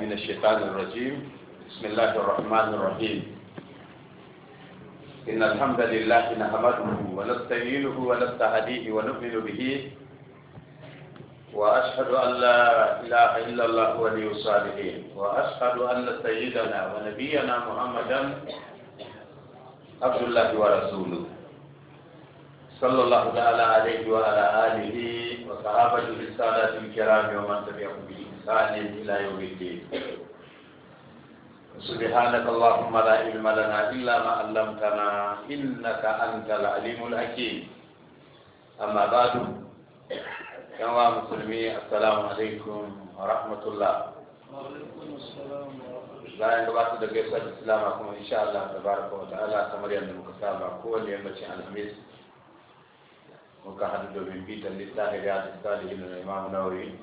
من الشيطان الرجيم بسم الله الرحمن الرحيم إن الحمد لله نحمده ونستعينه ونستهديه ونؤمن به وأشهد أن لا إله إلا الله ولي الصالحين وأشهد أن سيدنا ونبينا محمدا عبد الله ورسوله صلى الله تعالى عليه وعلى آله وصحابته السادات الكرام ومن تبعهم بإحسان بإحسان إلى يوم الدين سبحانك اللهم لا علم لنا إلا ما علمتنا da أنت العليم الحكيم أما بعد كما مسلمي السلام عليكم ورحمة الله bayan gabatar da gaisuwar kuma insha Allah da baraka wa ta'ala kamar yadda muka saba kowanne yammacin alhamis muka hadu domin bitan littafin ya da salihin da nawawi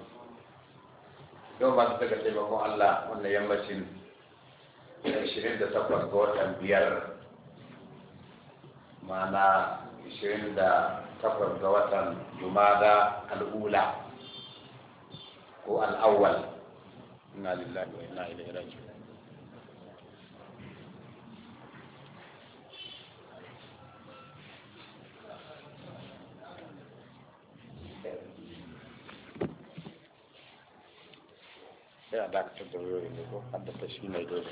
yau ba su ga taimakon Allah wannan yammacin 28 ga watan biyar mana 28 ga watan jumada al'ula ko al'awwal ina lillahi wa ina ilaihi raji'un sai a dakatar da wayoyin da ko haddasa shi mai dole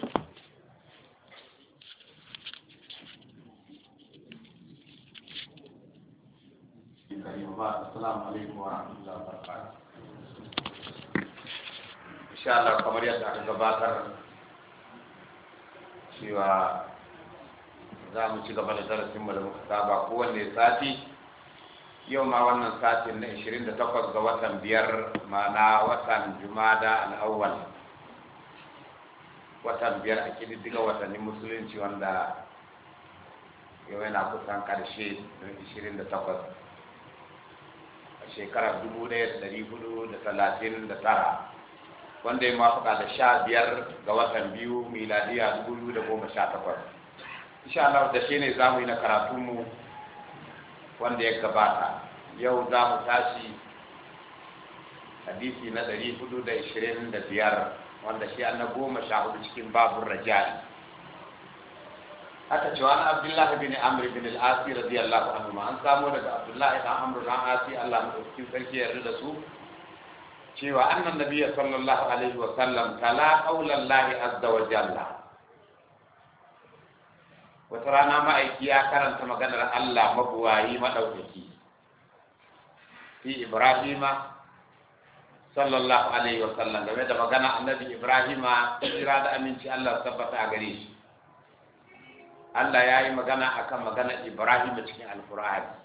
Insha Allah kamar yadda aka gabatar cewa za mu ci gaba da darasin mu da muka saba kowanne sati yau ma wannan satin na 28 ga watan biyar mana watan jumada al'awwal watan biyar a kididdiga watannin musulunci wanda yau yana kusan karshe don 28 a shekarar 1439 wanda ya mafuka da sha biyar ga watan biyu miladiya 2018 insha Allah da shi ne za mu yi na karatunmu wanda ya gabata yau za mu tashi hadisi na ɗari hudu da ishirin da biyar wanda shi an na goma sha hudu cikin babur rajali haka cewa an abdullahi bin amr bin al-asi radiyallahu anhu ma an samo daga abdullahi dan amr dan asi Allah mu dauki sarki yarda da su cewa annan nabiyyi sallallahu alaihi wa sallam tala aulallahi azza wa jalla wata rana ma'aiki ya karanta maganar Allah mabuwayi maɗaukaki fi Ibrahima sallallahu alaihi wa sallam game da magana annabi Ibrahima kira da aminci Allah tabbata a gare shi Allah ya yi magana akan magana Ibrahima cikin alkur'ani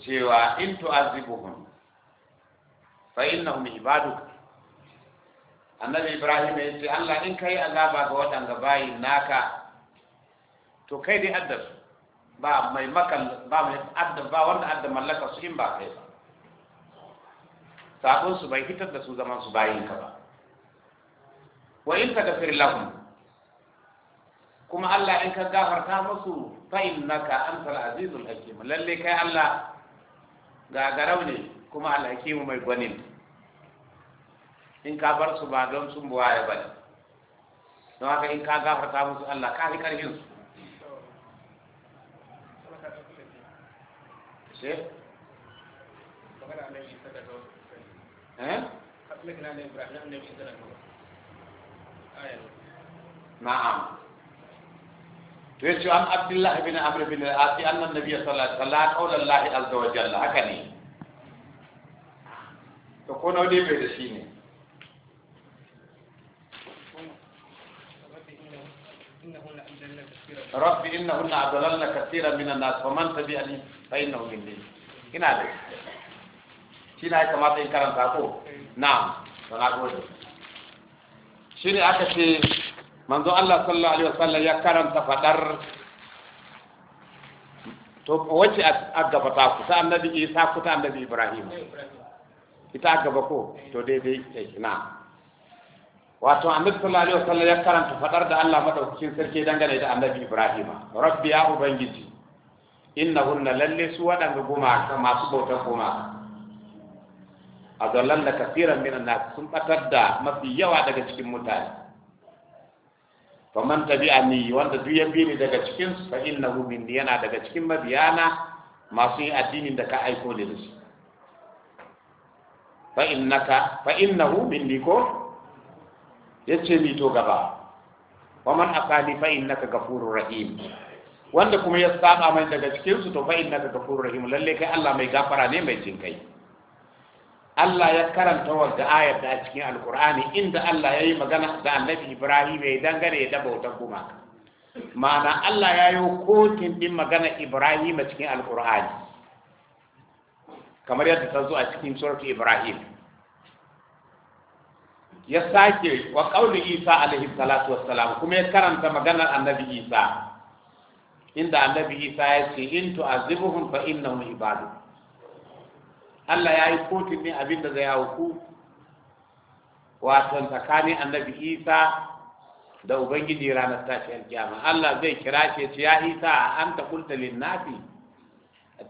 cewa in tu'azibuhum fa innahum ibaduk annabi ibrahim ya ce allah in ka yi azaba ga waɗanda bayin naka to kai dai addar ba mai makan ba mai addar ba wanda addar mallaka su in ba kai ba sabon su bai hitar da su zaman su bayin ka ba wa in ka tagfir lahum kuma allah in ka gafarta musu fa innaka antal azizul hakim lalle kai allah gagarau ne kuma alhakimu mai gwanin in ka bar su ba don sun buwaye ba ne don haka in ka gafarta musu Allah ka fi karfin su eh? na'am to yace an abdullahi bin amr bin al-as anna an-nabiy sallallahu alaihi wasallam qala Allah al wa jalla haka ne to ko nawa dai bai da shi ne rabbi innahunna adlalna katsiran minan nas wa man tabi'ani fa innahu minni ina da shi ne kamata in karanta ko na'am to na gode ne aka ce manzo Allah sallallahu alaihi wasallam ya karanta fadar to wacce a gaba ta ku ta annabi Isa ku ta annabi Ibrahim ita a gaba ko to daidai eh, na wato annabi sallallahu alaihi wasallam ya karanta fadar da Allah madaukakin sarki dangane da annabi Ibrahim rabbi ya ubangiji innahunna lalle su waɗanda gumaka masu bautar goma. a zallan da kafiran minan na sun ɓatar da mafi yawa daga cikin mutane faman tabi'ani wanda duk ya bini daga cikin su fa innahu minni yana daga cikin mabiyana masu yin addinin da ka aiko da su fa innaka fa innahu minni ko yace ni to gaba wa man aqali fa innaka ghafurur rahim wanda kuma ya saba mai daga cikin su to fa innaka ghafurur rahim lalle kai Allah mai gafara ne mai jin kai Allah ya karanta wadda ayar da a cikin alqur'ani inda Allah ya magana da annabi Ibrahim ya dangane da bauta gumaka ma'ana Allah ya yi kotin din magana Ibrahim a cikin alqur'ani kamar yadda ta zo a cikin suratul Ibrahim ya sake wa qauli isa alaihi salatu wassalam kuma ya karanta maganar annabi isa inda annabi isa ya ce in azibuhum fa innahum ibadu Allah ya yi kotun ne abin da zai hauku wato tsakanin annabi isa da ubangiji ranar tashiyar kiyama Allah zai kira shi ce ya isa an ta kulta linnafi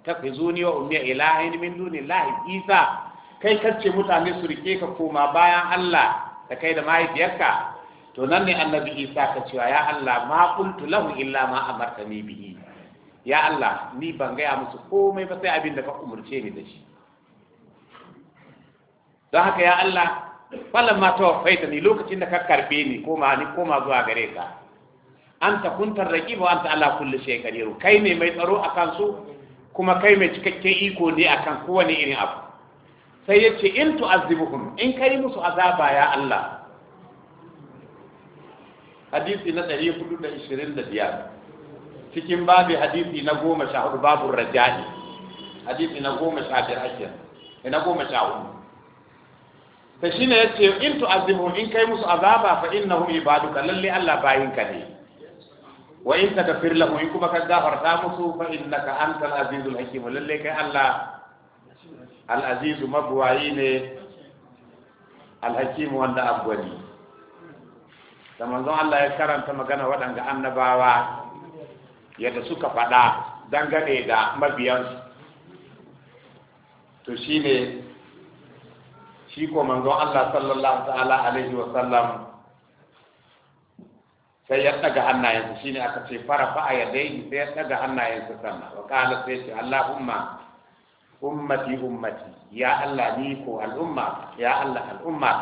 fi wa umiya ilahin min lahi isa kai kace mutane su rike ka koma bayan Allah da kai da mahaifiyarka to nan ne annabi Isa ka cewa ya Allah ma qultu lahu illa ma amartani bihi ya Allah ni ban gaya musu komai ba sai abin da ka umurce ni da shi don haka ya Allah falan ma tawaffaita ni lokacin da ka karbe ni koma ni koma zuwa gare ka anta kuntar raqiba wa anta ala kulli shay'in qadir kai ne mai tsaro akan su kuma kai mai cikakken iko ne akan kowane irin abu sai ya ce in tu'azzibuhum in kai musu azaba ya Allah hadisi na 425 cikin babi hadisi na 14 babu rajani. hadisi na 15 eh, na 14 ta shine yace in tu'azzibuhum in kai musu azaba fa innahum ibaduka lalle Allah bayinka ne wa in tagfir lahum in kuma ka gafarta musu fa innaka antal azizul hakim lalle kai Allah al'azizu mabuwayi ne alhakimu wanda abuwani da manzon Allah ya karanta magana waɗanda annabawa yadda suka faɗa dangane da mabiyansu to shi ne shi ko manzon Allah sallallahu ta'ala alaihi wa sallam sai ya hannayensu shi ne aka ce fara fa'a ya dai sai ya ɗaga hannayensu sannan wa sai ce Allahumma ummati ummati ya Allah ni ko al'umma ya Allah al'umma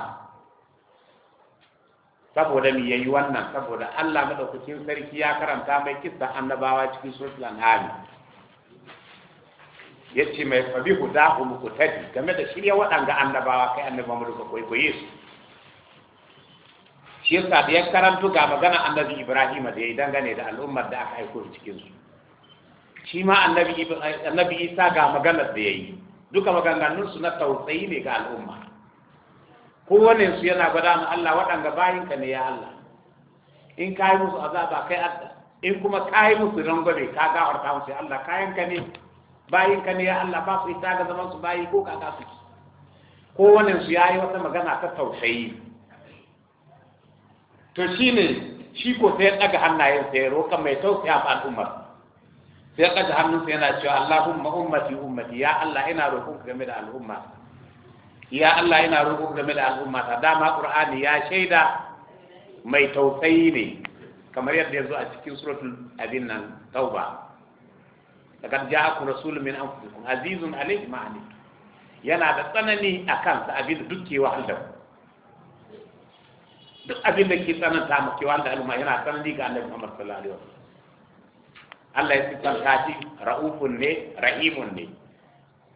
saboda mi yayi wannan saboda Allah madaukakin sarki ya karanta mai kissa annabawa cikin suratul anhal yace mai ku dahu mukutadi game da shirya waɗanga annabawa kai annabawa mu duka koi su shi yasa da ya karanta ga magana annabi Ibrahim da ya dangane da al'ummar da aka aiko cikin su shi ma annabi isa ga maganar da ya yi duka maganganun su na tausayi ne ga al'umma kowane su yana gwada mu Allah waɗanda bayinka ne ya Allah in ka yi musu azaba kai adda in kuma ka yi musu rangwame ka ta musu Allah kayanka ne bayinka ne ya Allah ba su isa ga zaman su bayi ko kaka su kowane su ya yi wata magana ta tausayi to shine shi ko sai ya ɗaga hannayen sai roƙa mai tausaya a al'ummar sai ka kaji hannunsa yana cewa Allahumma ummati ummati ya Allah ina roƙon game da al'umma ya Allah ina roƙon game da al'umma ta dama Qur'ani ya shaida mai tausayi ne kamar yadda ya zo a cikin suratul abin nan tauba laqad ja'akum rasulun min anfusikum azizun alayhi ma yana da tsanani a kansa abin da duk ke wahal duk abin da ke tsananta mu ke wahal al'umma yana tsanani ga Annabi Muhammad sallallahu alaihi wasallam Allah ya siffanta shi ra'ufun ne rahimun ne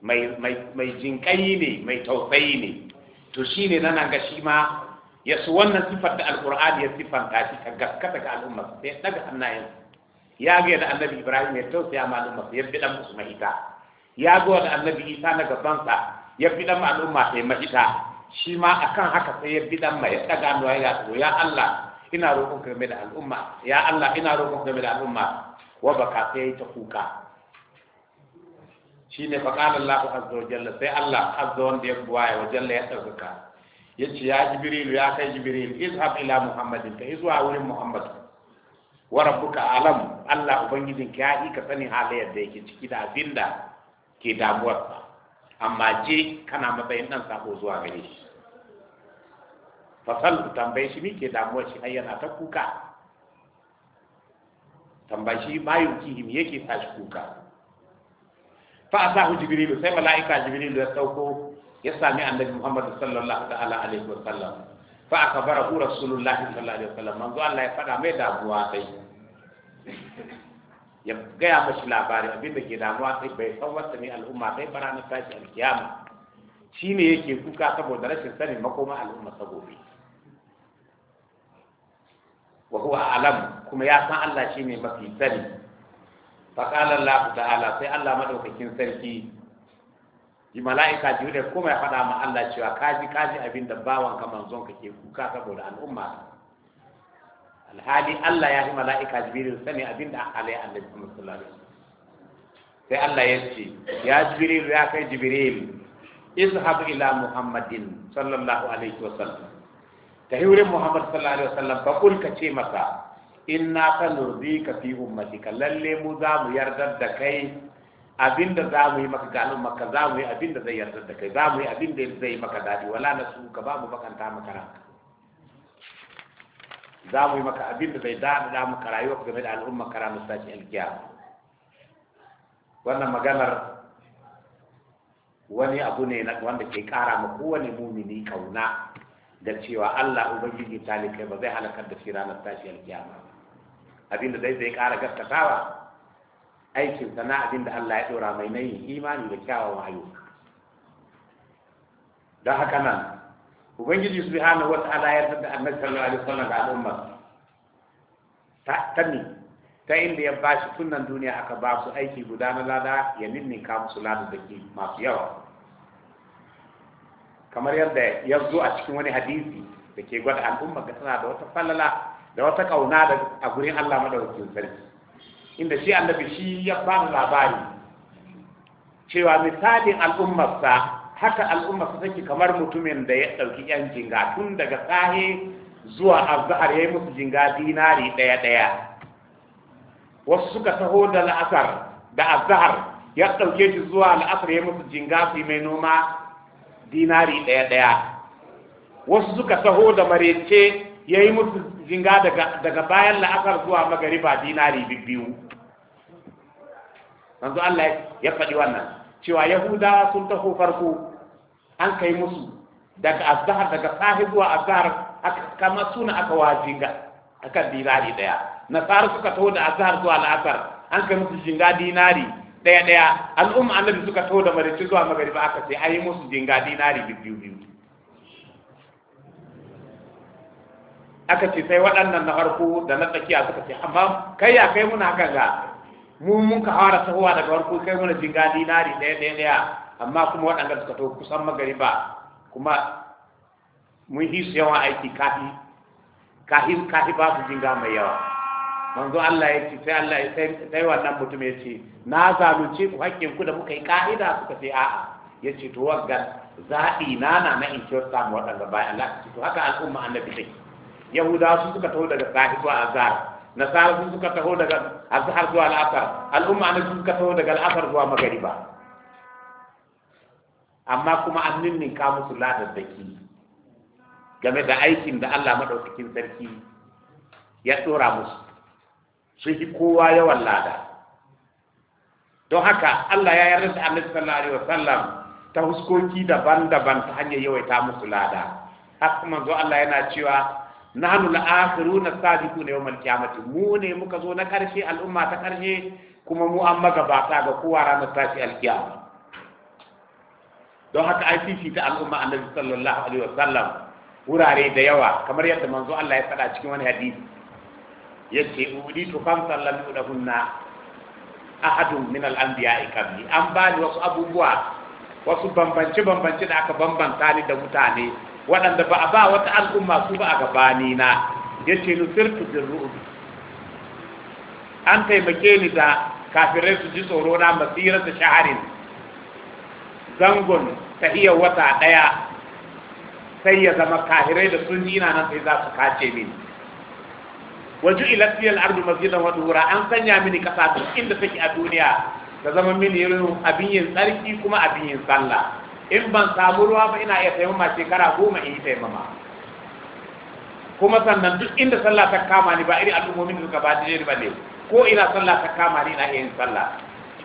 mai mai mai jinkai ne mai tausayi ne to shine nan ga shi ma ya su wannan siffar da alqur'ani ya siffar shi ka gaskata ga al'umma sai daga hannayen ya ga da annabi Ibrahim ya tausaya ma al'umma ya bi dan musu mahita ya ga da annabi Isa na sa ya bi dan al'umma sai mahita shi ma akan haka sai ya bi dan ya daga ya ya ya Allah ina roƙon game da al'umma ya Allah ina roƙon game da al'umma wa ka sai ta kuka shine faqala Allahu azza wa jalla sai Allah azza wanda ya wa jalla ya dauka yace ya jibril ya kai jibril izhab ila muhammadin ka a wurin muhammad wa rabbuka alam Allah ubangijin ka yi ka sani halayyar da yake ciki da abinda ke ba. amma je kana matsayin dan sako zuwa gare shi fasal tambaye shi ke damuwar shi har ta kuka tambashi ma yake tashi kuka fa asahu jibril sai malaika jibril ya sauko ya sami annabi muhammad sallallahu ta'ala alaihi wa sallam fa akbarahu rasulullah sallallahu alaihi wa sallam manzo Allah ya fada mai buwa sai ya gaya mashi labari abin da ke damuwa sai bai san wata ne al'umma sai bara na tashi alkiyama shine yake kuka saboda rashin sanin makoma al'umma saboda wa huwa alam kuma ya san Allah shine mafi sani faqala Allah ta'ala sai Allah madaukakin sarki yi mala'ika ji da kuma ya faɗa ma Allah cewa kaji kaji abin da bawan ka manzon ka ke kuka saboda al'umma alhali Allah ya yi mala'ika jibril sani abin da alai annabi sallallahu alaihi wasallam sai Allah ya ce ya jibril ya kai jibril izhab ila muhammadin sallallahu alaihi wasallam ka yi wurin muhammad sallallahu alaihi wasallam sallam kul ka ce masa inna ka fi ka lalle mu za mu yarda da kai abinda za mu yi maka galin maka za mu yi abinda zai yarda da kai za mu yi abinda zai maka daɗi wala na su ka ba mu makanta maka ranka za mu yi maka abinda zai daɗa maka rayuwa game da al'umma kara musashi alkiya wannan maganar wani abu ne wanda ke kara ma kowane mumini kauna da cewa Allah ubangiji talikai ba zai halakar da shi ranar tashi alkiyama abinda zai zai kara gaskatawa aikin sana abinda Allah ya ɗora mai nayin imani da kyawawan ayyuka don haka nan ubangiji subhanahu wa ta'ala ya yarda da annabi sallallahu alaihi wasallam da al'umma ta tami ta inda ya bashi tunan duniya aka ba su aiki guda na lada ya ninninka musu lada da ke masu yawa kamar yadda ya zo a cikin wani hadisi da ke gwada al'umma ga tana da wata falala da wata kauna da a gurin Allah madaukakin sarki inda shi annabi shi ya fara labari cewa misalin al'ummarsa haka sa take kamar mutumin da ya ɗauki yan jinga tun daga sahi zuwa azhar ya yi musu jinga dinari ɗaya ɗaya wasu suka taho da la'asar da azhar ya ɗauke shi zuwa la'asar ya yi musu jinga su mai noma dinari ɗaya ɗaya wasu suka taho da marece ya yi musu zinga daga bayan la'asar zuwa magariba dinari biyu yanzu Allah ya faɗi wannan cewa yahudawa sun taho farko an kai musu daga azhar daga sahi zuwa azhar kama suna aka wa zinga akan dinari ɗaya nasara suka taho da azhar zuwa la'asar an kai musu zinga dinari Daya-daya al'umma annabi suka to da marici zuwa magariba aka sai ayi musu jinga dinari biyu biyu aka ce sai waɗannan na farko da na tsakiya suka ce amma kai ya kai muna haka ga mu mun ka fara tahowa daga farko kai muna jinga dinari daya-daya daya amma kuma waɗanda suka to kusan magariba kuma mun hisu yawan aiki kafi kafi kafi ba su jinga mai yawa manzo Allah ya ce sai Allah ya sai wannan mutum ya ce na ce ku hakkin ku da muka yi ka'ida suka ce a'a ya ce to wagga zaɓi na na na in ciwar samu waɗanda bayan Allah to haka al'umma annabi take yahudawa sun suka taho daga sahi zuwa azhar nasara sun suka taho daga azhar zuwa al'asar al'umma annabi sun suka taho daga al'asar zuwa magariba amma kuma an ka musu ladaddaki game da aikin da Allah maɗaukakin sarki ya tsora musu sun fi kowa yawan lada don haka Allah ya yarda da Annabi sallallahu alaihi wasallam ta huskoki daban-daban ta hanyar yawaita musu lada haka manzo Allah yana cewa nahnu al-akhiruna sabiquna yawm al-qiyamati mu ne muka zo na karshe al'umma ta karshe kuma mu an magabata ga kowa ranar tashi al-qiyama don haka ai fifita al'umma Annabi sallallahu alaihi wasallam wurare da yawa kamar yadda manzo Allah ya faɗa cikin wani hadisi Yake to uditu khamsan da yudahunna ahadun min al-anbiya'i qabli an bani wasu abubuwa wasu bambance bambance da aka bambanta ni da mutane waɗanda ba a ba wata al'umma su ba a gabani na yace nusirtu bin ru'ub an taimake ni da kafirai su ji tsoro na masirar da shaharin zangon ta iya wata ɗaya sai ya zama kafirai da sun yi na nan sai za su kace mini waju ila fiyal ardu masjidan wa dura an sanya mini kasa duk inda take a duniya ta zama mini irin abin yin tsarki kuma abin yin sallah in ban samu ruwa ba ina iya taimama shekara goma in yi taimama kuma sannan duk inda sallah ta kama ni ba iri al'ummomin da suka ba jeri ba ne ko ina sallah ta kama ni ina iya yin sallah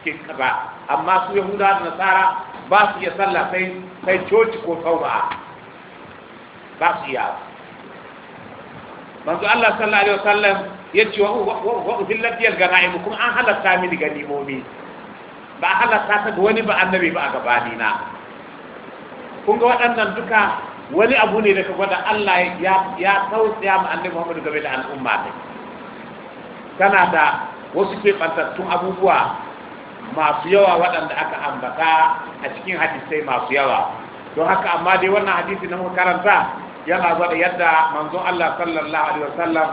cikin kaza amma su yahuda da nasara ba su iya sallah sai sai coci ko tauba ba su iya manzo Allah sallallahu alaihi wasallam ya ce wa uhillat yal ganaim kuma an halatta mini ganimomi ba halatta ta ga wani ba annabi ba a gabani na kun ga waɗannan duka wani abu ne da ka gwada Allah ya ya tausaya ma annabi Muhammad game da al'umma ta kana da wasu ke keɓantattun abubuwa masu yawa waɗanda aka ambata a cikin hadisai masu yawa don haka amma dai wannan hadisi na karanta yana gwada yadda manzon Allah sallallahu alaihi wasallam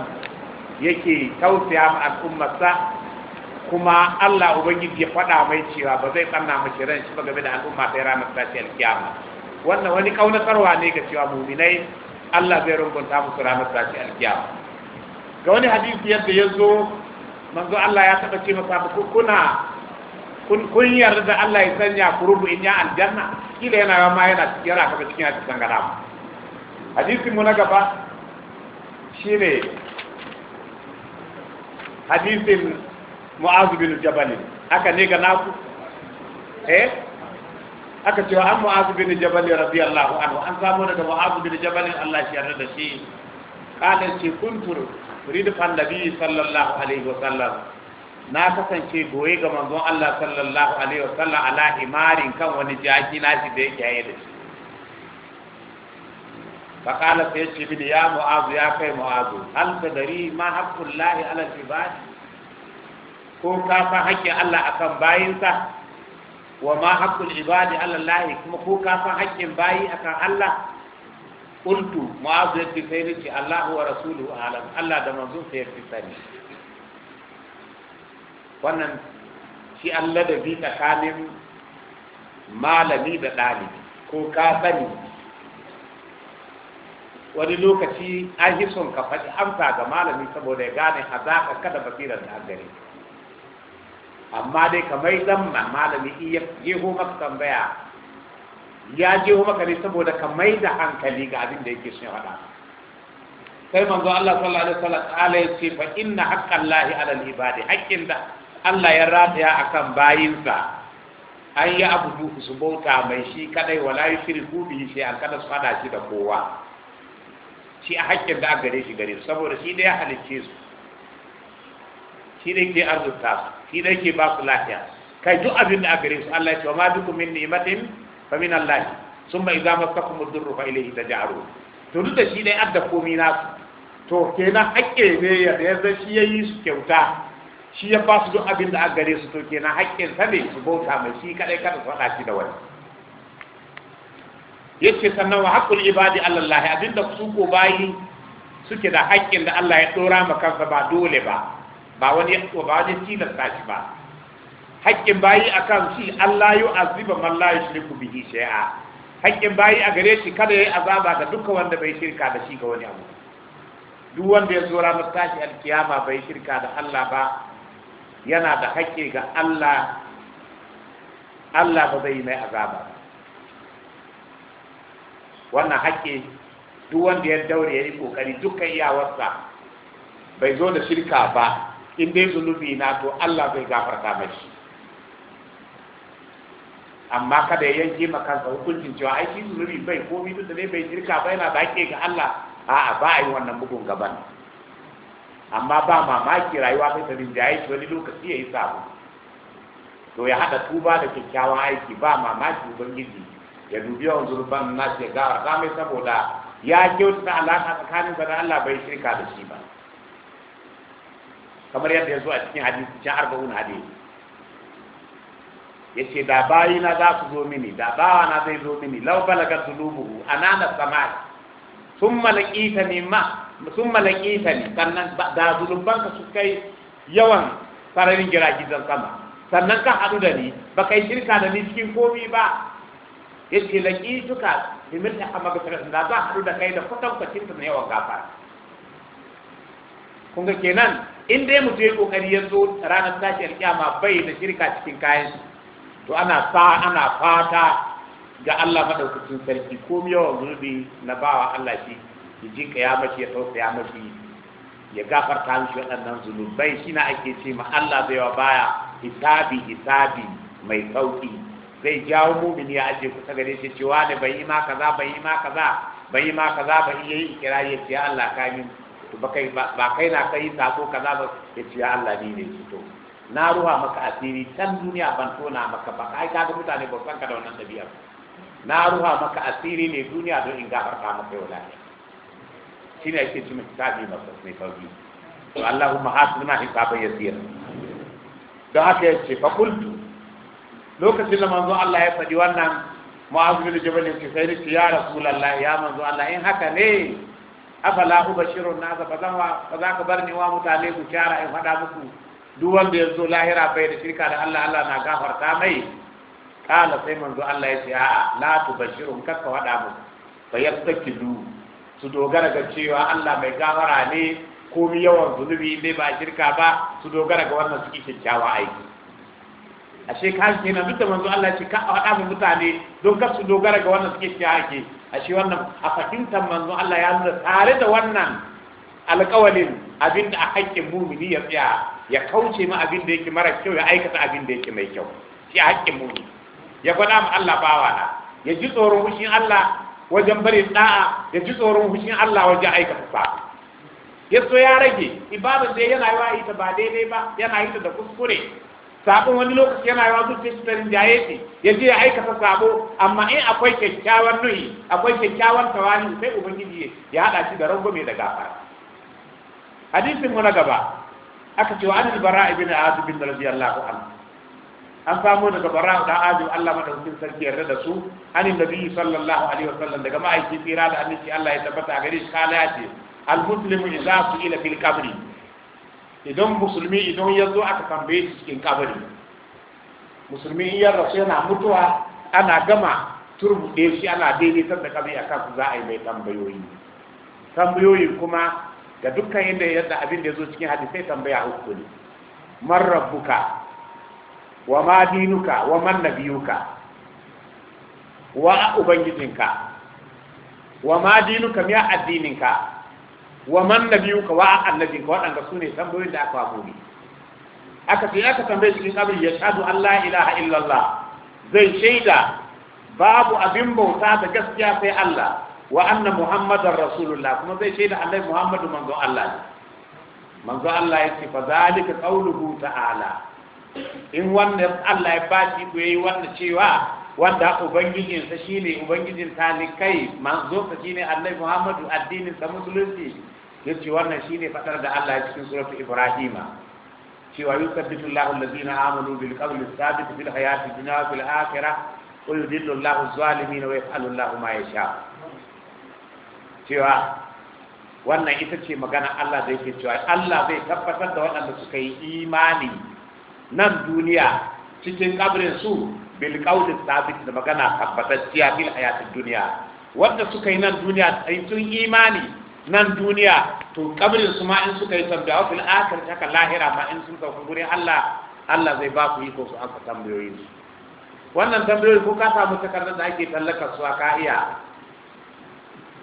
yake tausaya ma al'ummarsa kuma Allah ubangiji ya faɗa mai cewa ba zai tsanna mace ran shi ba game da al'umma ta ranar tashi alkiyama wannan wani kaunatarwa ne ga cewa muminai Allah zai rungunta musu ranar tashi alkiyama ga wani hadisi yadda ya zo manzo Allah ya taɓa ce masa kuna kun yarda da Allah ya sanya ku rubu in ya aljanna kila yana ma yana yana kafa cikin hadisan mu. hadisin mu na gaba shi ne hadisin mu'azu bin jabal aka ne ga naku eh aka cewa an mu'azu bin jabal radiyallahu anhu an samu daga mu'azu bin jabal Allah shi yarda da shi kana ce kuntur ridfan nabi sallallahu alaihi wasallam na kasance goye ga manzon Allah sallallahu alaihi wasallam ala himarin kan wani jaki nashi da yake haye da shi فقال سيد يا معاذ يا كي معاذ هل تدري ما حق الله على العباد ko ka san haƙƙin Allah akan bayinsa wa ma haqqul ibadi ala kuma ko ka san haƙƙin bayi akan Allah qultu mu'adh yafi sai ce Allahu wa rasuluhu alam Allah da sani wannan shi Allah da bi tsakanin malami da ɗalibi ko ka sani wani lokaci an yi son ka faɗi amsa ga malami saboda ya gane a ka kada basirar da gare amma dai ka kamar ma malami iya jeho maka tambaya ya jeho maka ne saboda ka mai da hankali ga abin da yake son faɗa sai manzo Allah sallallahu alaihi wasallam ala ce fa inna lahi ala al-ibadi haqqin da Allah ya rataya akan bayinsa an yi abu su bauta mai shi kadai wala yushriku bihi shay'an kada su fada shi da kowa shi a haƙƙin da gare shi gare su saboda shi da ya halicce su shi da ke arzuta su shi da yake ba su lafiya kai duk abin da gare su Allah ya ce ma bikum min ni'matin fa min Allah summa idza masakum ad-durru fa ilayhi taj'arun to duk da shi ya adda komai nasu to kenan haƙƙe ne ya yarda shi ya yi su kyauta shi ya ba su duk abin da a gare su to kenan haƙƙin sa ne su bauta mai shi kadai kada su faɗa shi da wani yace sannan wa haqqul ibadi Allah abinda su ko bayi suke da haƙƙin da Allah ya dora ma kansa ba dole ba ba wani ba wani tilasta shi ba haƙƙin bayi akan shi Allah yu aziba man la yushriku bihi shay'a haƙƙin bayi a gare shi kada yayi azaba ga duka wanda bai shirka da shi ga wani abu duk wanda ya zo ranar tashi alkiyama bai shirka da Allah ba yana da haƙƙi ga Allah Allah ba zai yi mai azaba ba wannan haƙƙi duk wanda ya daure ya yi kokari dukkan iyawarsa bai zo da shirka ba in dai zunubi na to Allah zai gafarta mashi amma kada ya yanke ma kansa hukuncin cewa ai shi zunubi bai komai duk da ne bai shirka ba yana da haƙƙi ga Allah a'a ba a yi wannan bugun gaban amma ba mamaki rayuwa sai ta rinjaye shi wani lokaci ya yi sabu to ya haɗa tuba da kyakkyawan aiki ba mamaki ubangiji ya dubi yawan zurban na ce ga ta mai saboda ya ta alaƙa tsakanin da Allah bai shirka da shi ba kamar yadda ya zo a cikin hadisi can arba'un hadisi ya ce da bayi na za su zo mini da bawa na zai zo mini lau balaga zulubuhu nanar samari, sun malakita ne ma sun malakita ne sannan da zulubbanka su kai yawan sararin jiragen sama sannan ka haɗu da ni ba kai shirka da ni cikin komi ba yace duka bi mithli amaka sarasin da za haɗu da kai da kusan kwacin ta ne wa gafa kun ga kenan in dai mutum ya kokari ya zo ranar tashi alƙiyama bai da shirka cikin kayan to ana sa ana fata ga Allah madaukakin sarki ko yawan zurbi na bawa Allah shi ya ji ka ya ya mashi ya gafarta mishi waɗannan zunubai shi na ake ce ma Allah bai wa baya hisabi hisabi mai sauƙi. zai jawo mumin ya aje kusa gare shi cewa da bai yi ma kaza bai yi ma kaza bai yi ma kaza bai yi ikira ya ce Allah ka min to ba kai ba kai na kai sako kaza ba ya ce Allah ni ne to na ruwa maka asiri can duniya ban tona maka ba ai ka ga mutane ba san ka da wannan dabi'a na ruwa maka asiri ne duniya don in gafar ka maka yau lafiya shine yake cikin kitabi masa mai sauki to Allahumma hasbuna hisaban yasira da haka yace fa qultu lokacin da manzo Allah ya faɗi wannan mu'az bin jabal ke sai ya rasulullahi ya manzo Allah in haka ne afala ubashiru nasa ba zan ba za ka bar ni wa mutane ku kyara in faɗa muku duk wanda ya zo lahira bai da shirka da Allah Allah na gafarta mai kala sai manzo Allah ya ce a la tubashirun kakka faɗa muku fa yastakidu su dogara ga cewa Allah mai gafara ne komi yawan zunubi ne ba shirka ba su dogara ga wannan suke kyakkyawa aiki ashe ka nan duk da manzo Allah ce ka faɗa mu mutane don kar su dogara ga wannan suke ciya ake ashe wannan a fahimtar manzo Allah ya nuna tare da wannan alƙawalin abin da a haƙƙin mumini ya tsaya ya kauce ma abin da yake mara kyau ya aikata abin da yake mai kyau shi a haƙƙin mumini ya faɗa mu Allah bawa na ya ji tsoron hushin Allah wajen barin da'a ya ji tsoron hushin Allah wajen aikata sa'a ya ya rage ibadar da yana yi wa ita ba daidai ba yana yi ta da kuskure sabon wani lokaci yana yawa zuciya shi ta rinjaye shi ya ya aikata sabo amma in akwai kyakkyawan nuhi akwai kyakkyawan tawani sai ubangiji ya haɗa shi da rangwame da gafara hadisin mu na gaba aka ce wa an bara ibn azib bin radiyallahu anhu an samu daga bara da azib Allah madaukakin sarki yarda da su an nabi sallallahu alaihi wasallam daga ma'aiki tsira da annabi Allah ya tabbata a gare shi kala ya ce al muslimu idza su'ila fil qabri idan musulmi idan ya zo aka tambaye shi cikin kabari musulmi ya rasu yana mutuwa ana gama turbuɗe shi ana ta da kabari akan su za a yi mai tambayoyi tambayoyi kuma ga dukkan yadda yadda abin da ya zo cikin hadisai tambaya uku ne man rabbuka wa ma dinuka wa man nabiyuka wa ubangijinka wa ma dinuka miya addininka wa man ka wa annabinka waɗanda su ne tambayoyin da aka haƙuri aka ce aka tambaye cikin kabri ya shaɗu Allah ilaha illallah zai shaida babu abin bauta da gaskiya sai Allah wa anna muhammadar rasulullah kuma zai shaida annabi muhammadu manzo Allah ne Allah ya ce fa zalika qawluhu ta'ala in wanda Allah ya bashi ku yayi wannan cewa wanda ubangijinsa shine ubangijin talikai manzo sa shine annabi muhammadu addinin sa musulunci yace wannan shine fatar da Allah cikin suratu Ibrahima cewa yusabbitu Allahu allazina amanu bil qawli thabit fil hayati dunya fil akhirah wa yudillu Allahu zalimin wa yaf'alu Allahu ma yasha cewa wannan ita ce magana Allah da yake cewa Allah zai tabbatar da waɗanda suka yi imani nan duniya cikin kabrin su bil qawli da magana tabbatacciya fil hayati dunya wanda suka yi nan duniya sun imani nan duniya to kabrin su ma in suka yi tambaya fil akhir haka lahira ma in sun sauka gure Allah Allah zai ba ku iko su aka tambayoyi wannan tambayoyi ko ka samu takardar da ake tallaka su ka iya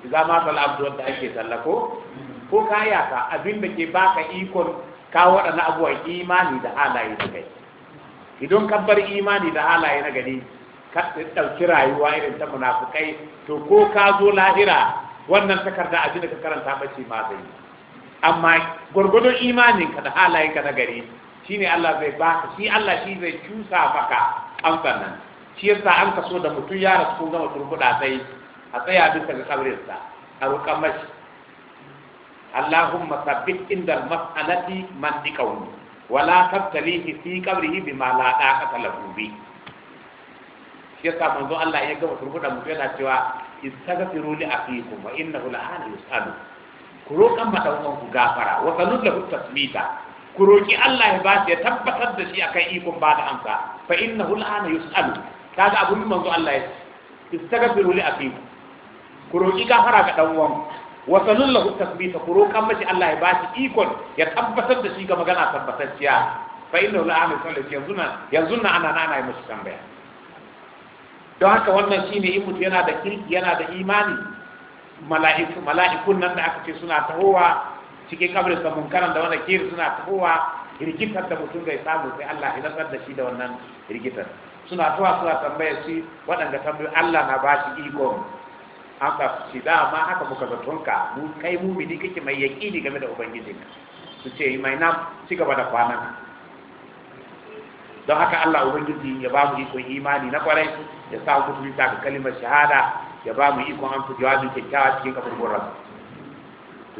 idan ma sal abdu da ake tallako ko ka iya ka abin da ke baka ikon kawo waɗannan abubuwan imani da halaye da kai idan ka bar imani da halaye na gani ka ɗauki rayuwa irin ta munafukai to ko ka zo lahira wannan takarda a da karanta karanta mace ma zai amma gwargwadon imanin ka da halayen ka na gari shine Allah zai baka shi Allah shi zai cusa baka amsan nan shi yasa an kaso da mutum ya rasu kun gama turkuda sai a tsaya bisa ga sa a roƙa mashi Allahumma sabbit inda mas'alati man dikawu wala tabtalihi fi qabrihi bima la daqata lahu bi shi yasa zo Allah ya gama turbuda mutum yana cewa istaghfiru li akhikum wa innahu la'ana yusalu ku roƙan ma dan ku gafara wa sanu lahu tasmita ku roƙi Allah ya ba ya tabbatar da shi akan ikon ba da amsa fa innahu la'ana yusalu kaga abun manzo Allah ya istaghfiru li akhikum ku roƙi gafara ga dan uwanku wasannin lahu tasbita ku roƙan mashi Allah ya ba shi ikon ya tabbatar da shi ga magana tabbatacciya fa inna la amil sallallahu yanzu na yanzu na ana nana yi mashi tambaya don haka wannan shi ne mutum yana da kirki yana da imani mala'iku mala'ikun nan da aka ce suna tahowa cikin kabarin sa munkaran da wanda kiri suna tahowa rigitar da mutum zai samu sai Allah ya nasar da shi da wannan rigitar suna tuwa suna tambayar shi waɗanda tambayar Allah na ba shi iko haka shi dama haka muka zatonka mu kai mumini kake mai yaƙini game da ubangijinka su ce mai na ci gaba da kwanan don haka Allah ubangiji ya ba mu ikon imani na kwarai ya sa ku bisa ga kalimar shahada ya ba mu ikon amsa jawabin kyakkyawa cikin kaburburan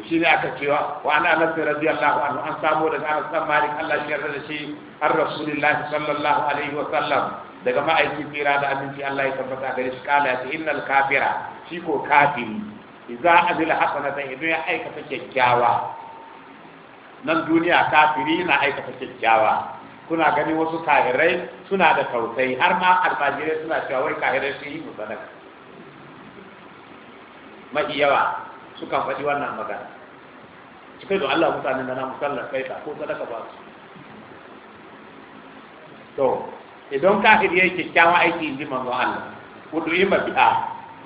to shi ne aka cewa wa ana anas radiyallahu anhu an samu daga Anas bin Malik Allah ya yarda da shi har Rasulullahi sallallahu alaihi wa sallam daga ma'aiki tsira da abinci Allah ya tabbata gare shi kala ya ce innal kafira shi ko kafiri idza azila hasanatan idan ya aikata kyakkyawa nan duniya kafiri na aikata kyakkyawa kuna ganin wasu kahirai suna da tausayi har ma almajirai suna cewa wai kahirai sun yi musadaka mafi yawa sukan faɗi wannan magana cikin da Allah mutane da na musallar kai ta ko sadaka ba su to idan kafir yayi kyakkyawa aiki inji manzo Allah udrima yi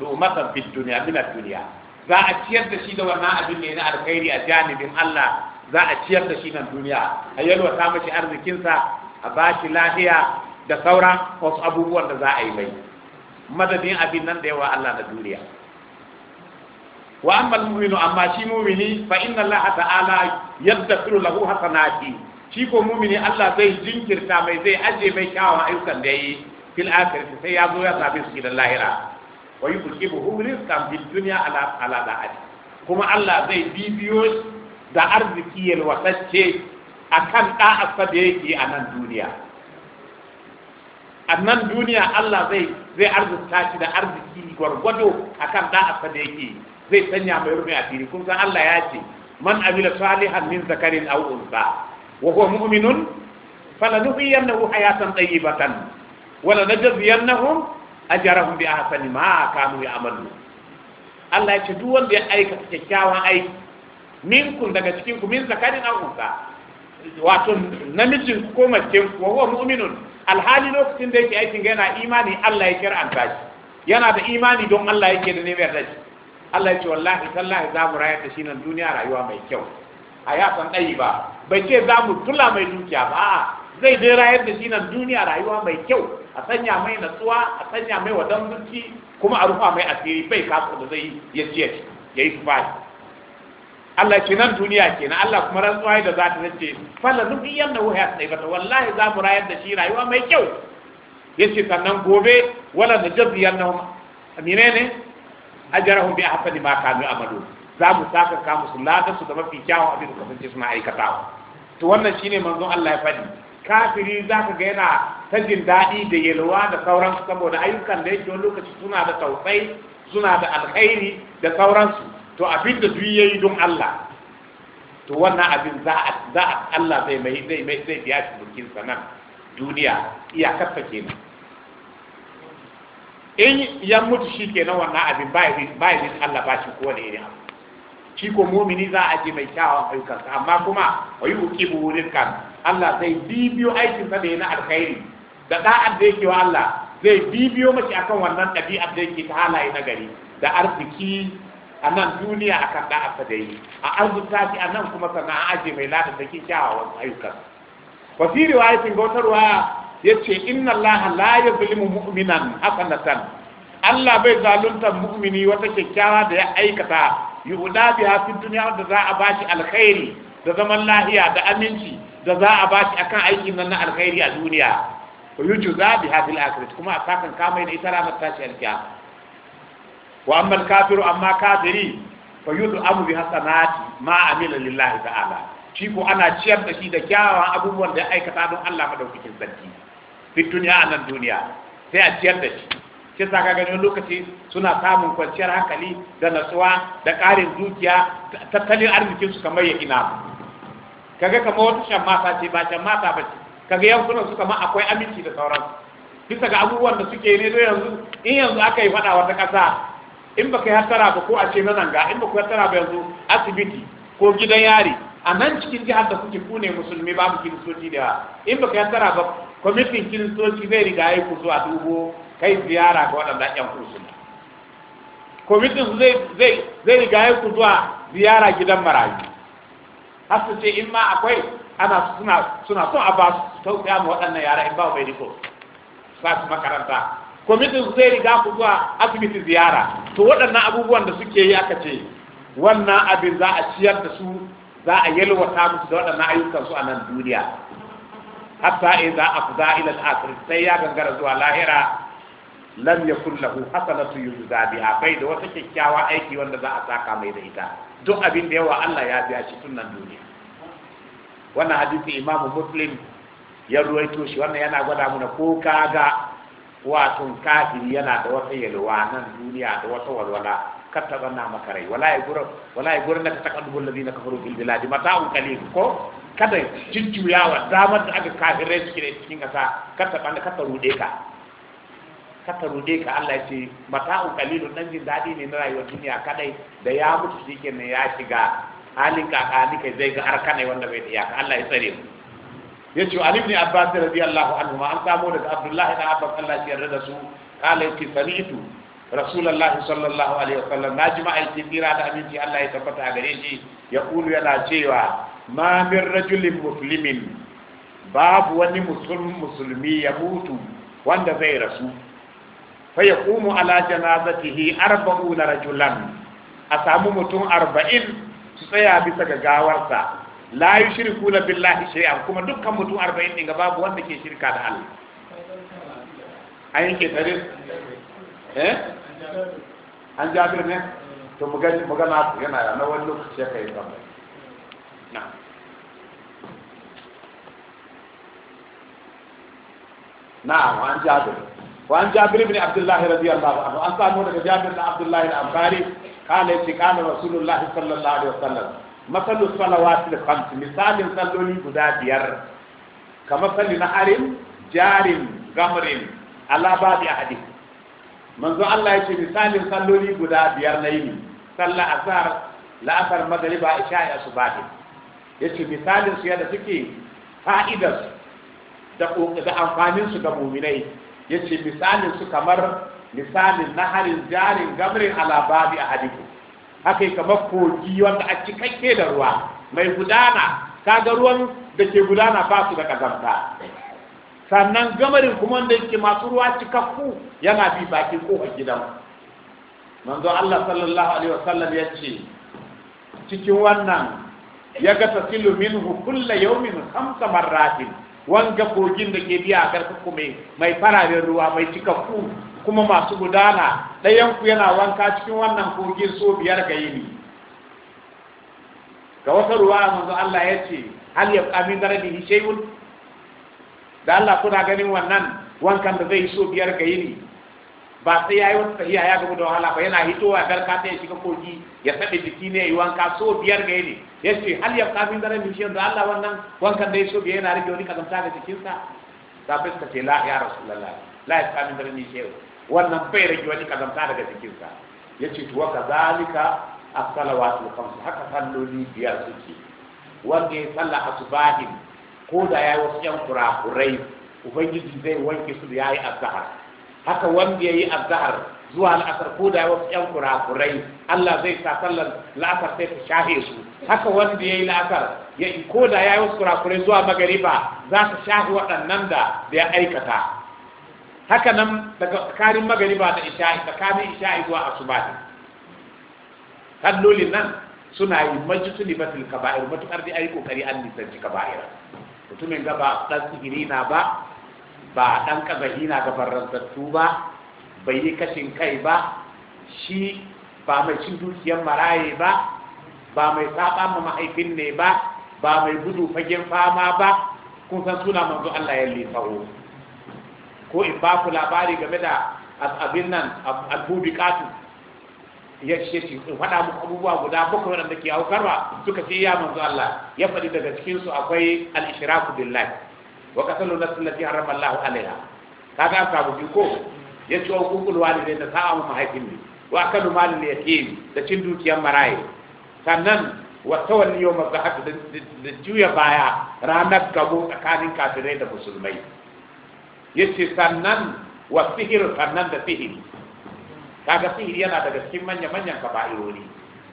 lumatan fid dunya min ad duniya za a ciyar da shi da wannan abin ne na alkhairi a janibin Allah za a ciyar da shi nan duniya a ta mashi arzikinsa a ba shi lafiya da sauran wasu abubuwan da za a yi mai madadin abin nan da yawa Allah da duniya wa amma al-mu'minu amma shi mu'mini fa inna Allah ta'ala yaddafiru lahu hasanati shi ko mu'mini Allah zai jinkirta mai zai aje mai kyawun ayyukan da yi fil akhirati sai ya zo ya sabi su da lahira wa yubqibuhu rizqan fid dunya ala ala da'ati kuma Allah zai bibiyo da arziki yalwatacce a kan ɗa'asa da yake a nan duniya a nan duniya Allah zai zai arzuta shi da arziki gwargwado a kan ɗa'asa da yake zai sanya mai a fili kun san Allah ya ce man abila salihan min zakarin aw unsa wa huwa mu'minun falanuhyiyannahu hayatan tayyibatan wa lanajziyannahum ajrahum bi ahsani ma kanu ya'malun Allah ya ce duk wanda ya aikata kyakkyawan aiki minkum daga cikin ku min zakarin an unsa wato namijin ko macen ku wa mu'minun alhali lokacin da yake aikin ga yana imani Allah ya kira an shi yana da imani don Allah yake da neman rashi Allah ya ce wallahi tallahi za mu rayar da shi nan duniya rayuwa mai kyau a ya san dai ba bai ce zamu mu tula mai dukiya ba a'a zai dai rayar da shi nan duniya rayuwa mai kyau a sanya mai natsuwa a sanya mai wadan mutunci kuma a rufa mai asiri bai kasu da zai ya ci ya yi Allah ke nan duniya ke na Allah kuma rantsuwa da za ta zace falla nuqiyan na a sai bata wallahi za mu rayar da shi rayuwa mai kyau yace sannan gobe wala najziyannahum menene ajrahum bi ahsani ma kanu amalu za mu saka ka musu lada su da mafi kyawun abin da kasance suna aikatawa to wannan shine manzon Allah ya faɗi kafiri za ka ga yana ta jin daɗi da yalwa da sauransu saboda ayyukan da yake wani lokaci suna da tausayi suna da alkhairi da sauransu to abin da duk yayi don Allah to wannan abin za a za a Allah zai mai zai mai zai biya shi mulkin sanan nan duniya kafa kenan in ya mutu shi kenan wannan abin ba ya Allah ba shi kowane irin abu shi ko mumini za a je mai kyawun ayyukansa amma kuma wa yi uki burin kan Allah zai bibiyo aikin sa da yana alkhairi da da'ar da yake wa Allah zai bibiyo mace akan wannan dabi'a da yake ta halaye na gari da arziki a nan duniya a kan ɗa'arsa da yi a arzuta shi a nan kuma sana'a aje mai lada da ke wasu ayyukan wa fi ya ce inna allaha la yuzlimu mu'minan hasanatan Allah bai zalunta mu'mini wata kyakkyawa da ya aikata yuhuda biya fi duniya da za a bashi alkhairi da zaman lahiya da aminci da za a bashi akan aikin nan na alkhairi a duniya wa yujuza biha fil kuma a sakan kamai da ita ranar tashi alkiya wa amma kafiru amma kafiri fa yud'amu bi hasanati ma amila lillahi ta'ala shi ko ana ciyar da shi da kyawawan abubuwan da aikata don Allah madaukakin sarki fi duniya a nan duniya sai a ciyar da shi shi sa ka gani lokaci suna samun kwanciyar hankali da natsuwa da ƙarin dukiya tattalin arzikin su kamar ya ina kaga kamar wata shan mata ce ba shan mata ba ce kaga yankunan su kamar akwai aminci da sauransu bisa ga abubuwan da suke ne yanzu in yanzu aka yi faɗa wata ƙasa in baka hattara ba ko a ce na zanga, in baka hattara ba yanzu asibiti ko gidan yari a nan cikin jihar da kuke kune musulmi babu kiristoci da yawa in baka hattara ba kwamitin kiristoci zai riga ya ku zuwa dubo kai ziyara ga waɗanda kursu ne kwamitin zai zai riga ya ku zuwa ziyara gidan marayu har su ce in ma akwai ana suna suna son a ba su tausaya ma waɗannan yara in ba bai riko ba su makaranta kwamitin su zai riga ku zuwa asibiti ziyara to waɗannan abubuwan da suke yi aka ce wannan abin za a ciyar da su za a yalwata musu da waɗannan ayyukan su a nan duniya hatta a fuza ila al-akhir sai ya gangara zuwa lahira lam yakun lahu hasanatu yuzza biha bai da wata kyakkyawa aiki wanda za a saka mai da ita duk abin da yawa Allah ya biya shi tun nan duniya wannan hadisi imamu muslim ya ruwaito shi wannan yana gwada mana ko kaga wato kafiri yana da wata yalwa nan duniya da wata walwala kar ta zanna maka rai wala ya gura wala ya gura naka taqaddubul ladina kafaru fil biladi mata'un qalil ko kada jujjuyawa damar da aka kafirai suke da cikin kasa kar ta banda kar ta rude ka kar ta rude ka Allah ya ce mata mata'un qalilun nan jin dadi ne na rayuwar duniya kadai da ya mutu ne ya shiga halin kaka kai zai ga arkanai wanda bai da iyaka Allah ya tsare mu yace Ali ibn Abbas radiyallahu anhu ma an samu daga Abdullah ibn Abbas Allah ya yarda su kala yake sami'tu Rasulullah sallallahu alaihi wasallam naji ma aiki tira da aminci Allah ya tabbata a gare shi ya kulu yana cewa ma min rajulin muslimin babu wani musulmi ya mutu wanda zai rasu fa yaqumu ala janazatihi arba'una rajulan a samu mutum arba'in su tsaya bisa ga gawarsa la yi shiri kula billahi shari'a kuma dukkan mutum arba'in ne ga babu wanda ke shirka da Allah a yanke ƙetare, eh an jabir ne to magana magana yana yana na wani lokaci ya kai ba na na wa an jabir wa an jabir ibn abdullah radiyallahu anhu an samu daga jabir da Abdullahi, ibn abbari kana shi kana rasulullahi sallallahu alaihi wasallam masalu salawatil khams misalin salloli guda biyar kamar salli na harin jarin gamrin ala babi ahadi manzo Allah ya ce misalin salloli guda biyar na yini sallar azhar la'asar magriba isha'i asubahi yace misalin su yadda suke fa'idar da amfanin su ga mu'minai yace misalin su kamar misalin naharin jarin gamrin ala babi ahadikum haka yi kamar kogi wanda a cikakke da ruwa mai gudana kaga ruwan da ke gudana ba su da kazanta sannan gamarin kuma wanda yake masu ruwa cikakku yana bi bakin kofar gidan manzo Allah sallallahu alaihi wasallam ya ce cikin wannan ya ga tasilu minhu kulla yawmin khamsa marratin wanga kogin da ke biya a mai fararen ruwa mai cikakku kuma masu gudana ɗayanku yana wanka cikin wannan kogin so biyar ga yini ga wata ruwa manzo Allah ya ce hal ya amin garadi shay'un da Allah kuna ganin wannan wankan da zai so biyar ga yini ba sai yayi wata tahiya ya gaba da wahala ba yana hitowa ka ta shiga kogi ya sabe jiki ne yi wanka so biyar ga yini ya ce hal ya amin garadi shi da Allah wannan wankan da ya so biyar yana rage wani kazanta ga jikinsa da ta ce la ya rasulallah la ya amin garadi shay'un wannan bai rage wani kazanta daga jikinsa ya ce tuwa ka zalika a salawatu kamsu haka salloli biyar suke wanda ya salla asubahin ko da ya yi wasu yan kurakurai ubangiji zai wanke su da ya yi azahar haka wanda ya yi azahar zuwa la'asar ko da ya yi wasu yan kurakurai Allah zai sa sallar la'asar sai ta shahe su haka wanda ya yi la'asar ko da ya yi wasu kurakurai zuwa magariba za su shahe waɗannan da ya aikata haka nan daga tsakanin ta da isha'i tsakanin isha'i zuwa asuba ne nan suna yi majtuni batil kaba'ir matukar dai ayi kokari an nisanci kaba'ira mutumin ga ba dan sihiri na ba ba dan kazahi na ga barrantattu ba bai yi kashin kai ba shi ba mai cin dukiyar maraye ba ba mai saɓa ma mahaifin ne ba ba mai gudu fagen fama ba kun san suna manzo Allah ya lifa'o ko in ba ku labari game da abin nan katu ya ce ce in faɗa muku abubuwa guda bakwai waɗanda ke haukarwa suka ce ya manzo Allah ya faɗi daga cikinsu akwai al-ishraku billahi wa qatalu nafsin allati Allah alaiha kaga an samu biyu ko ya ce wa kukul walidai da sa'a mu mahaifin ne wa akalu malin yatim da cin dukiyar maraye sannan wata wani yau da juya baya ranar gabo tsakanin kafirai da musulmai yace sannan wa sihir sannan da sihir kaga sihir yana daga cikin manyan manyan kaba'irori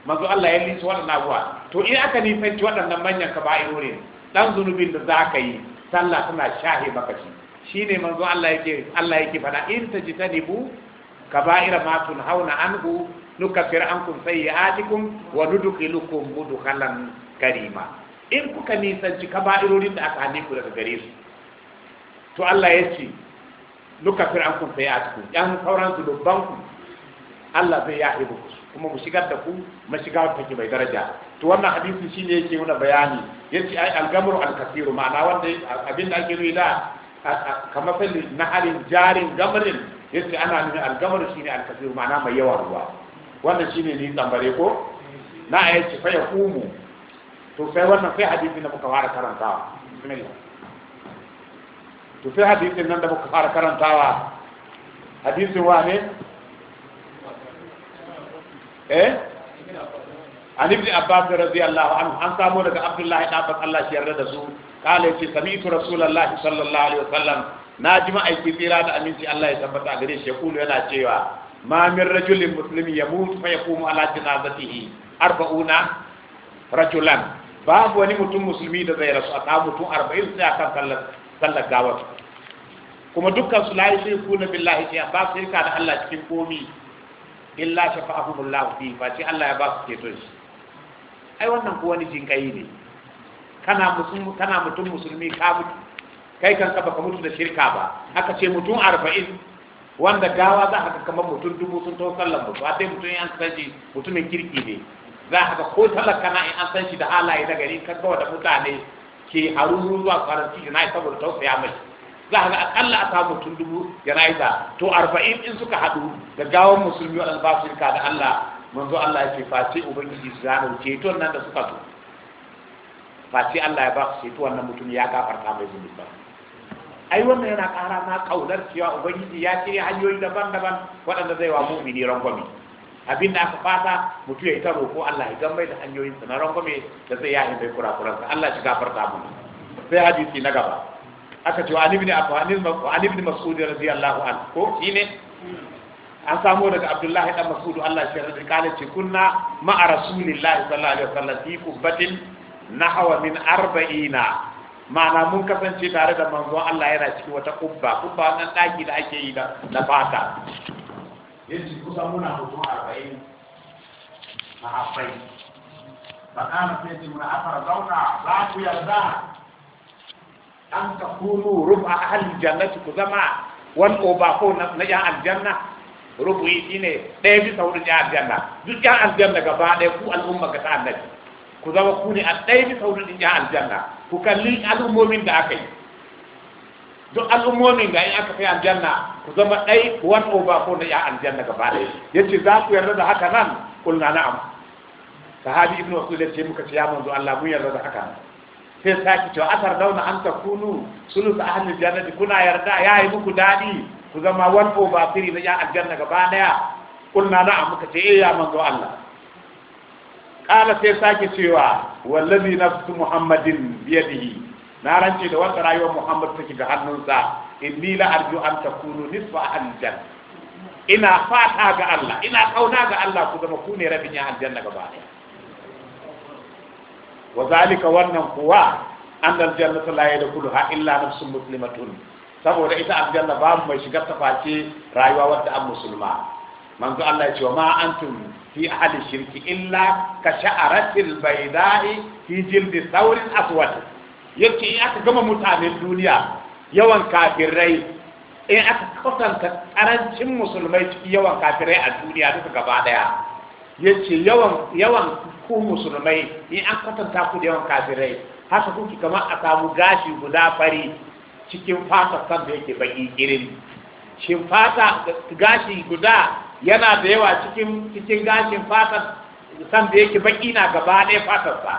manzo Allah ya lissu waɗannan abuwa to in aka nisanci waɗannan manyan kaba'irori dan zunubin da za ka yi sallah tana shahi maka shi shine manzo Allah yake Allah yake fada in tajtanibu kaba'ira ma tunhauna anhu nukaffir ankum sayyi'atikum wa nudkhilukum mudkhalan karima in kuka nisanci kaba'irorin da aka hane ku daga gare su to Allah ya ce nukafir an kun fayi a cikin yan sauran dubban ku Allah zai ya haibu kuma mu shigar da ku shigar ta ke mai daraja to wannan hadisi shine yake wani bayani yace ai al-gamru al-kasiru ma'ana wanda abin da ake nufi da kamar fili na halin jarin gamrin yace ana nufin al-gamru shine al-kasiru ma'ana mai yawan ruwa wannan shine ni tambare ko na ayace fa yaqumu to sai wannan sai hadisi na muka fara karantawa bismillah to sai hadisin nan da muka fara karantawa hadisin wane eh an ibn abbas radiyallahu anhu an samu daga abdullahi da abbas Allah shi yarda da su kale ce sami'tu rasulullahi sallallahu alaihi wasallam na ji ma'aiki tsira da aminci Allah ya tabbata a gare shi kulu yana cewa ma min rajulin muslimi yamut fa yaqumu ala janazatihi arba'una rajulan babu wani mutum musulmi da zai rasu a mutum arba'in sai akan sallar gawar kuma dukkan su sai ku na billahi shay'a ba su shirka da Allah cikin komi illa shafa'ahumullahu fi ba ce Allah ya ba su ceto shi ai wannan ko wani jinkayi ne kana mutum kana mutum musulmi ka mutu kai kan ka baka mutu da shirka ba aka ce mutum arba'in wanda gawa za ka kamar mutum dubu sun tau sallan mutu a dai mutum an sanji mutumin kirki ne za ka ko talaka na in an san shi da halaye na gari kan ga da mutane ke haruru zuwa faransi na saboda tausaya mai za a ga akalla a samu tun dubu jana'iza to arba'in in suka haɗu da gawan musulmi waɗanda ba su da Allah manzo Allah ya ce face ubangiji su zanen ceton nan da suka zo face Allah ya ba su ceto wannan mutum ya gafarta mai zunubi ai wannan yana ƙara na ƙaunar cewa ubangiji ya shirya hanyoyi daban-daban waɗanda zai wa mu'mini rangwame abin da aka fata mutum ya yi ta roƙo Allah ya gambai da hanyoyinsa na rangwame da zai yayin bai kurakuransa Allah shi gafarta mu sai hadisi na gaba aka ce wa ibn Affan wa ibn Mas'ud radiyallahu anhu ko shine an samu daga Abdullahi dan Mas'ud Allah ya rada kala ce kunna ma'a Rasulillahi sallallahu alaihi wasallam fi qubbatin nahwa min arba'ina ma'ana mun kasance tare da manzon Allah yana cikin wata kubba kubba wannan daki da ake yi da fata yanzu kusa muna mutum arba'in na haifai ba kana sai ce muna zauna ba ku yarda an ka takunu rubu ahli jannati ku zama wani oba ko na ya aljanna rubu shine ɗaya bisa hudu ya aljanna duk ya aljanna gaba ɗaya ku al'umma ga ta annabi ku zama ku ne a ɗaya bisa hudu ya aljanna ku kalli al'ummomin da aka yi duk al'ummomin da aka kai aljanna ku zama ɗai wani oba ko na ya aljanna gaba ɗaya yace za ku yarda da haka nan kulna na'am sahabi ibnu wasu ya ce muka ce ya manzo Allah mun yarda da haka sai sake cewa asar dauna an ta kunu ta ahli jannati kuna yarda ya yi muku dadi ku zama one over three na ya aljanna gaba daya kunna na muka ce eh ya manzo Allah kala sai sake cewa wallazi nafsu muhammadin biyadihi na rance da wata rayuwar muhammad take ga hannunsa inni la arju an takunu nisfa ahli jannati ina fata ga Allah ina kauna ga Allah ku zama ku ne rabin ya aljanna gaba daya Wazalika wannan kuwa annal jannata da yadkhuluha illa nafsun muslimatun saboda ita aljanna babu mai shigar ta face rayuwa wadda an musulma manzo Allah ya ce ma antum fi ahli shirki illa ka sha'aratil bayda'i fi jildi saurin aswad yake in aka gama mutanen duniya yawan kafirai in aka kwatanta karancin musulmai cikin yawan kafirai a duniya duka gaba daya yace yawan ku musulmai in an kwatanta ku da yawan kafirai haka kuke kamar a samu gashi guda fari cikin fata san da yake baki irin shin fata gashi guda yana da yawa cikin cikin gashin fata san da yake baki na gaba ɗaya fatar sa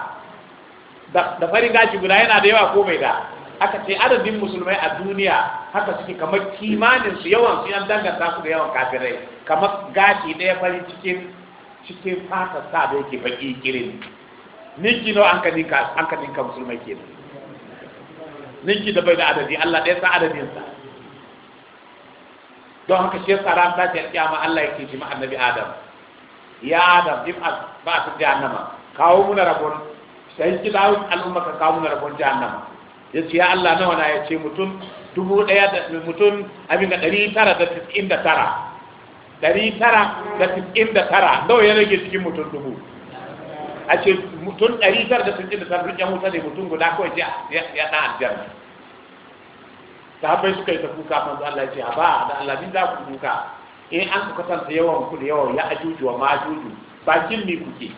da farin gashi guda yana da yawa ko mai da aka ce adadin musulmai a duniya haka suke kamar kimanin su yawan su yan danganta su da yawan kafirai kamar gashi ɗaya farin cikin cikin fata sa da yake baki kirin ninki no an ka ninka an ka ninka musulmai ke ninki da bai da adadi Allah ɗaya sa adadin sa don haka shi yasa ran tashi ma Allah yake ji ma annabi Adam ya Adam in ba da annama kawo muna rabon sai ki dawo al'umma ka kawo muna rabon jahannama yace ya Allah nawa na yace mutum dubu 1 da mutum abin da 999 tara da tara ɗari tara da tis'in da tara nawa ya rage cikin mutum dubu a ce mutum ɗari tara da tis'in da tara duk yan wuta ne mutum guda kawai ce ya ɗan aljanna haifai suka yi ta kuka manzo Allah ya ce a ba da Allah ni za ku kuka in an ku kasanta yawan ku da yawan ya ajuju wa ma ajuju bakin ku kuke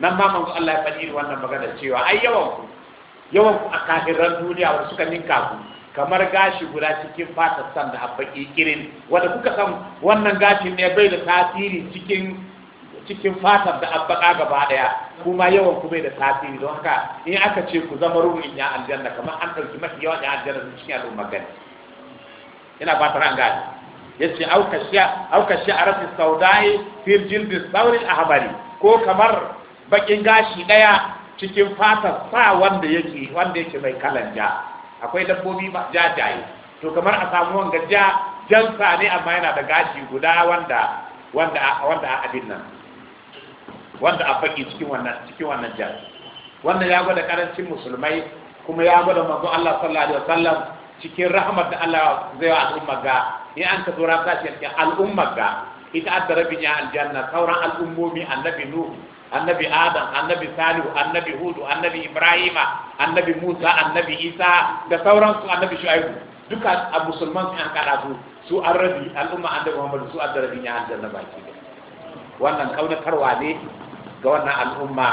nan ma manzo Allah ya faɗi wannan magana cewa ai yawan ku yawan ku a kafiran duniya wasu suka ninka ku kamar gashi guda cikin fatar san da abba kirin wanda kuka san wannan gashi ne bai da tasiri cikin cikin fatar da abbaka gaba daya kuma yawan ku bai da tasiri don haka in aka ce ku zama ruhin ya aljanna kamar an dauki mafi yawan ya aljanna cikin al'umma gani ina fatar an gani yace auka sha auka sha arafi saudai fi jildi sauri ko kamar bakin gashi daya cikin fatar sa wanda yake wanda yake mai kalanja akwai dabbobi ma jajaye to kamar a samu wanga ja jansa ne amma yana da gashi guda wanda wanda wanda a abin nan wanda a faki cikin wannan cikin wannan ja wannan ya gwada karancin musulmai kuma ya gwada manzo Allah sallallahu alaihi wasallam cikin rahmat da Allah zai wa al'umma ga in an ka zo ran al'umma ga ita adda rabin ya aljanna sauran al'ummomi annabi nuhu annabi adam annabi salihu annabi hudu annabi ibrahima annabi musa annabi isa da sauransu annabi shu'aibu duka a musulman an kada su su an rabi al'umma annabi muhammadu su an rabi ya aljanna baki da wannan kaunatarwa ne ga wannan al'umma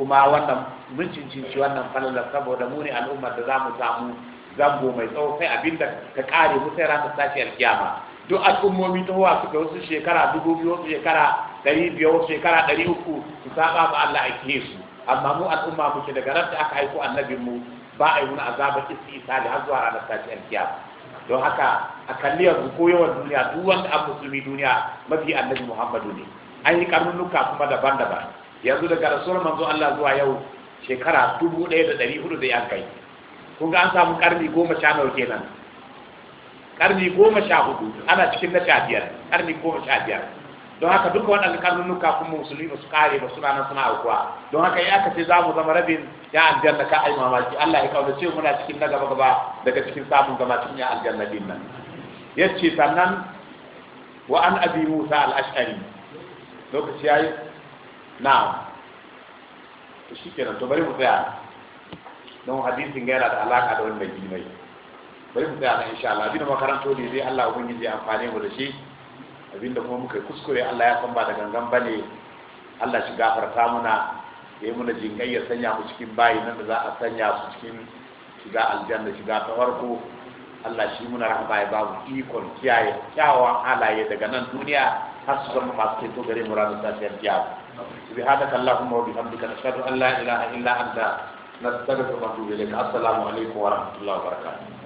kuma wannan mun cincinci wannan falala saboda mu ne al'ummar da za mu samu zango mai tsawo sai abin da ka kare mu sai ranar tashi alkiyama duk al'ummomi ta huwa suka wasu shekara dubu biyu wasu shekara ɗari biyu shekara ɗari uku su saba ba Allah a ke su amma mu al'umma ce daga ran da aka haiku annabin mu ba a yi wani azaba isi isa da har zuwa ranar tashi alkiya don haka a kalli yanzu ko yawan duniya duk wanda an musulmi duniya mafi annabi muhammadu ne an yi karnunuka kuma daban-daban yanzu daga rasuwar manzo Allah zuwa yau shekara dubu ɗaya da ɗari hudu da yan kai kun ga an samu karni goma sha nawa kenan karni goma sha hudu ana cikin na sha biyar karni goma sha biyar don haka duka waɗanda karnunuka kun musulmi ba su kare ba suna nan suna aukuwa don haka ya aka ce za mu zama rabin ya aljanna ka ai mamaki Allah ya ce muna cikin na gaba gaba daga cikin samun gama cikin ya aljanna din nan ce sannan wa an abi musa al-ash'ari lokaci yayi na'am to kenan to bari mu tsaya don hadisin yana da alaka da wannan gimai bari mu tsaya nan insha Allah bi da makaranto ne zai Allah ubangiji zai amfane mu da shi abinda kuma muka kuskure Allah ya san ba da gangan bane Allah shi gafarta muna ya yi muna jinkai ya sanya mu cikin bayi nan da za a sanya su cikin shiga aljanna shiga ta farko Allah shi muna rahama ya babu ikon kiyaye kyawawan halaye daga nan duniya har su zama masu keto gare mu ranar safiyar kiyama subhanaka allahumma wa bihamdika nashhadu an la ilaha illa anta nastaghfiruka wa natubu ilayk assalamu alaikum wa rahmatullahi wa barakatuh